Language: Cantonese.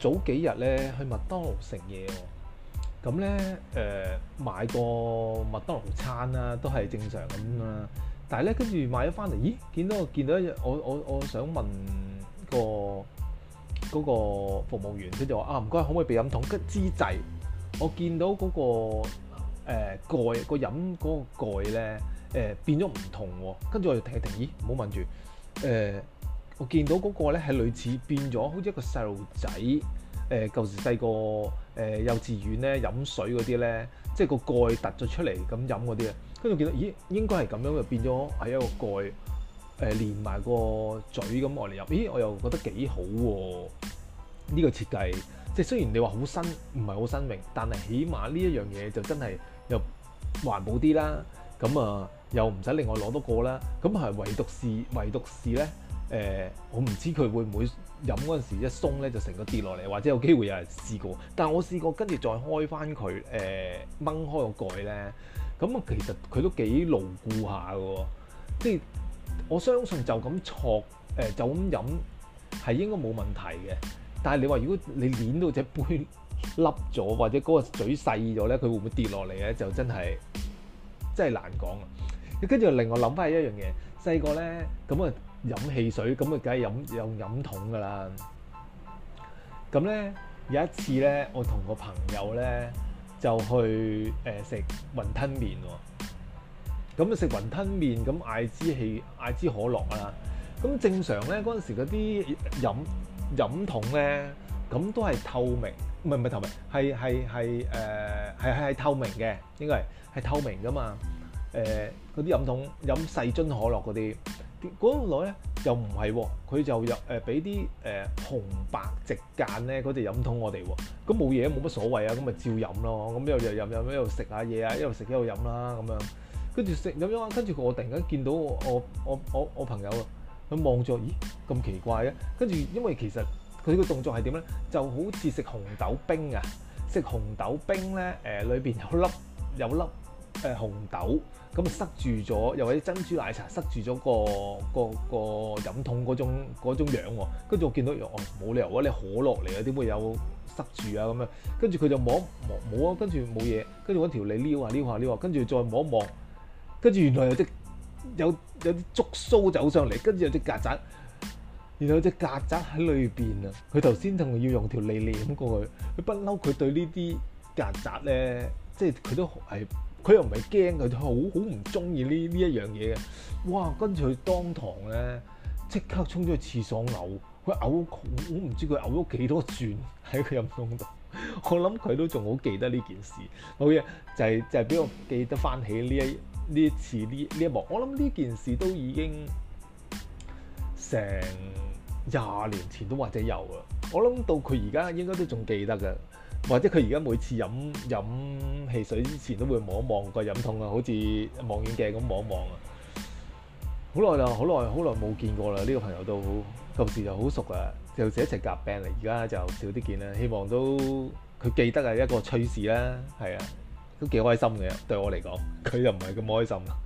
早幾日咧去麥當勞食嘢喎，咁咧誒買個麥當勞餐啦、啊，都係正常咁啦。但係咧跟住買咗翻嚟，咦見到見到一日我我我想問、那個嗰、那個、服務員，佢就話啊，唔該，可唔可以俾飲桶？」跟之際，我見到嗰、那個誒、呃、蓋個飲嗰個蓋咧誒、呃、變咗唔同喎、哦。跟住我就停停，咦唔好問住誒。呃我見到嗰個咧係類似變咗，好似一個細路仔誒，舊時細個誒幼稚園咧飲水嗰啲呢，即係個蓋突咗出嚟咁飲嗰啲啊。跟住見到咦，應該係咁樣，又變咗係一個蓋、呃、連埋個嘴咁嚟入。咦，我又覺得幾好喎、啊！呢、呢個設計即係雖然你話好新唔係好新穎，但係起碼呢一樣嘢就真係又環保啲啦。咁啊，又唔使另外攞多個啦。咁係唯獨是，唯獨是咧。誒，我唔知佢會唔會飲嗰陣時一鬆咧，就成個跌落嚟，或者有機會有人試過。但係我試過跟住再開翻佢，誒、呃，掹開個蓋咧，咁、嗯、啊，其實佢都幾牢固下嘅喎。即係我相信就咁戳，誒、呃，就咁飲係應該冇問題嘅。但係你話如果你捏到隻杯凹咗，或者嗰個嘴細咗咧，佢會唔會跌落嚟咧？就真係真係難講啊！跟住另外諗翻起一樣嘢，細個咧咁啊～飲汽水咁啊，梗係飲飲桶噶啦。咁咧有一次咧，我同個朋友咧就去誒食、呃、雲吞麵喎、哦。咁啊食雲吞麵咁嗌支汽嗌支可樂啊。咁正常咧嗰陣時嗰啲飲,飲桶咧，咁都係透明，唔係唔係透明，係係係誒係係係透明嘅，應該係係透明噶嘛。嗰、呃、啲飲桶飲細樽可樂嗰啲。嗰度來咧又唔係喎，佢就入誒俾啲誒紅白直間咧，佢哋飲通我哋喎，哦，咁冇嘢冇乜所謂啊，咁咪照飲咯，咁又又飲又一路食下嘢啊，一路食一路飲啦咁樣，跟住食咁飲啊，跟住我突然間見到我我我我，我朋友啊，咁望咗，咦，咁奇怪嘅，跟住因為其實佢個動作係點咧，就好似食紅豆冰啊，食紅豆冰咧誒裏邊有粒有粒。有粒誒紅豆咁塞住咗，又係啲珍珠奶茶塞住咗個個個飲筒嗰種嗰種樣喎。跟住我見到，哦冇理由啊，你可樂嚟啊，點會有塞住啊咁啊？跟住佢就摸摸冇啊，跟住冇嘢，跟住揾條脷撩下撩下撩下，跟住再摸一摸。跟住原來有隻有有啲竹鬚走上嚟，跟住有隻曱甴，然後有隻曱甴喺裏邊啊。佢頭先同要用條脷舐過去，佢不嬲佢對呢啲曱甴咧，即係佢都係。佢又唔係驚，佢就好好唔中意呢呢一樣嘢嘅。哇！跟住佢當堂咧，即刻衝咗去廁所嘔，佢嘔我唔知佢嘔咗幾多轉，喺佢陰公度。我諗佢都仲好記得呢件事，好嘢就係就係俾我記得翻起呢呢一一次呢呢一幕。我諗呢件事都已經成廿年前都或者有啊。我諗到佢而家應該都仲記得嘅。或者佢而家每次飲飲汽水之前都會望一望個飲筒啊，好似望遠鏡咁望一望啊。好耐啦，好耐好耐冇見過啦，呢個朋友都舊時就好熟啊，就一齊夾 band 嚟，而家就少啲見啦。希望都佢記得係一個趣事啦，係啊，都幾開心嘅，對我嚟講，佢又唔係咁開心啦。